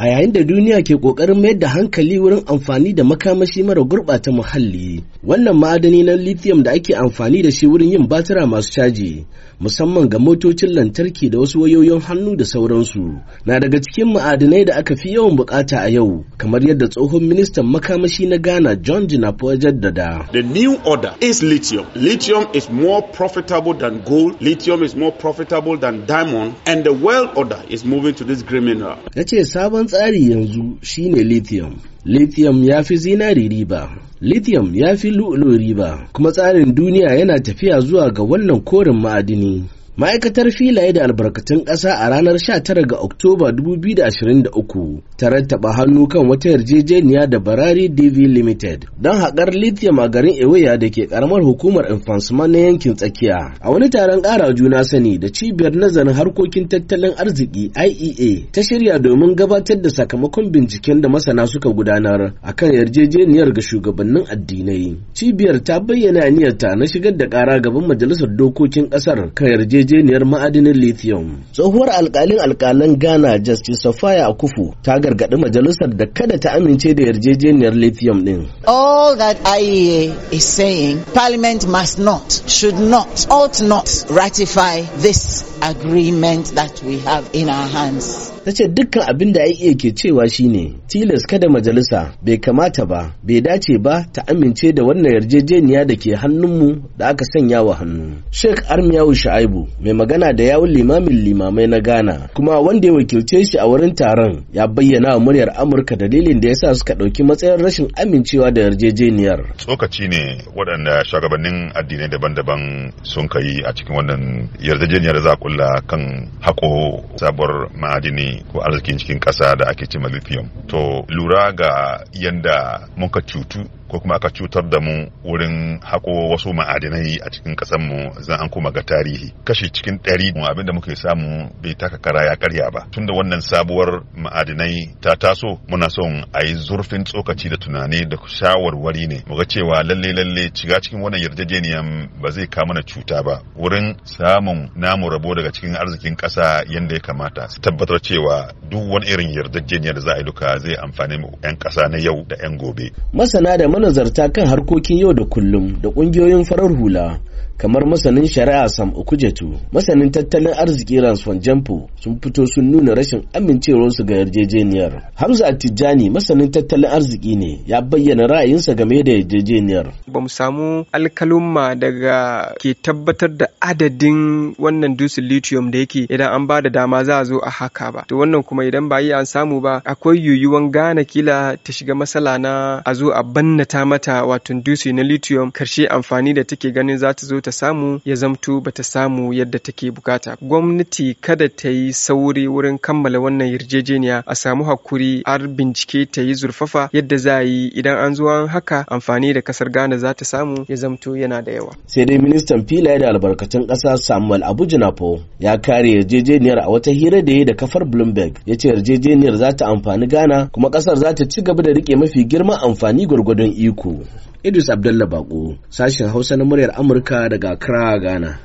a yayin da duniya ke ƙoƙarin mayar da hankali wurin amfani da makamashi mara gurɓata muhalli wannan ma'adani na lithium da ake amfani da shi wurin yin batira masu caji musamman ga motocin lantarki da wasu wayoyin hannu da sauransu na daga cikin ma'adinai da aka fi yawan bukata a yau kamar yadda tsohon ministan makamashi na ghana john jinapo jaddada the new order is lithium lithium is more profitable than gold lithium is more profitable than diamond and the world order is moving to this green mineral yace sabon tsari yanzu shine lithium lithium ya fi zinari riba lithium ya fi lu'ulu riba kuma tsarin duniya yana tafiya zuwa ga wannan korin ma'adini ma'aikatar filaye da albarkatun ƙasa a ranar 19 ga oktoba 2023 ta rattaba hannu kan wata yarjejeniya da barari dv limited don haƙar lithium a garin ewaya da ke ƙaramar hukumar infansuma na yankin tsakiya a wani taron ƙara juna sani da cibiyar nazarin harkokin tattalin arziki iea ta shirya domin gabatar da sakamakon binciken da masana suka gudanar akan yarjejeniyar ga shugabannin addinai cibiyar ta bayyana aniyarta na shigar da ƙara gaban majalisar dokokin ƙasar kan yarjejeniyar yarjejeniyar ma'adinin lithium. Tsohuwar alkalin Ghana Justice Akufu ta gargaɗi majalisar da kada ta amince da yarjejeniyar lithium All that IEA is saying, Parliament must not, should not, ought not ratify this agreement that we have in our hands. ta ce dukkan abin da aiki e ke cewa shine tilas kada majalisa bai kamata ba bai dace ba ta amince da wannan yarjejeniya da ke hannunmu da aka sanya wa hannu sheikh armiyawu sha'aibu mai magana da yawun limamin limamai na ghana kuma wanda ya wakilce shi a wurin taron ya bayyana wa muryar amurka dalilin da ya sa suka ɗauki matsayin rashin amincewa da yarjejeniyar tsokaci ne waɗanda shugabannin addinai daban-daban sun kai a cikin wannan yarjejeniyar za a kulla kan hako. sabuwar ma'adini ko arzikin cikin ƙasa da ake cima lithium to lura ga yanda muka cutu ko kuma aka cutar da mu wurin hako wasu ma'adinai a cikin ƙasar mu zan an kuma ga tarihi kashi cikin ɗari abin da muke samu bai taka kara ya karya ba tunda wannan sabuwar ma'adinai ta taso muna son a yi zurfin tsokaci da tunani da shawarwari ne mu ga cewa lalle lalle shiga cikin wannan yarjejeniyan ba zai kawo mana cuta ba wurin samun namu rabo daga cikin arzikin ƙasa yadda ya kamata su tabbatar cewa duk wani irin yarjejeniyar da za a yi duka zai amfani 'yan ƙasa na yau da 'yan gobe masana da manazarta kan harkokin yau da kullum da ƙungiyoyin farar hula kamar masanin shari'a sam ukujetu masanin tattalin arziki ransfon jampo sun fito sun nuna rashin amincewarsu ga yarjejeniyar hamza tijjani masanin tattalin arziki ne ya bayyana ra'ayinsa game da yarjejeniyar ba mu samu alkalumma daga ke tabbatar da adadin wannan dusin lithium da yake idan an ba da dama za a zo a haka ba to wannan kuma idan ba yi an samu ba akwai yuyuwan gane kila ta shiga matsala na a zo a bannata mata wato dusi na lithium karshe amfani da take ganin za ta zo ta ta samu ya zamto bata samu yadda take bukata gwamnati kada ta yi sauri wurin kammala wannan yarjejeniya a samu hakuri har bincike ta yi zurfafa yadda za a yi idan an zuwa haka amfani da kasar ghana za ta samu ya zamto yana da yawa sai dai ministan filaye da albarkatun ƙasa samuel abujinafo ya kare yarjejeniyar a wata hira da ya da kafar bloomberg ya ce yarjejeniyar za ta amfani ghana kuma ƙasar za ta ci gaba da rike mafi girman amfani gwargwadon iko Idris Abdullah Bako, sashen Hausa na muryar Amurka daga Accra, Ghana.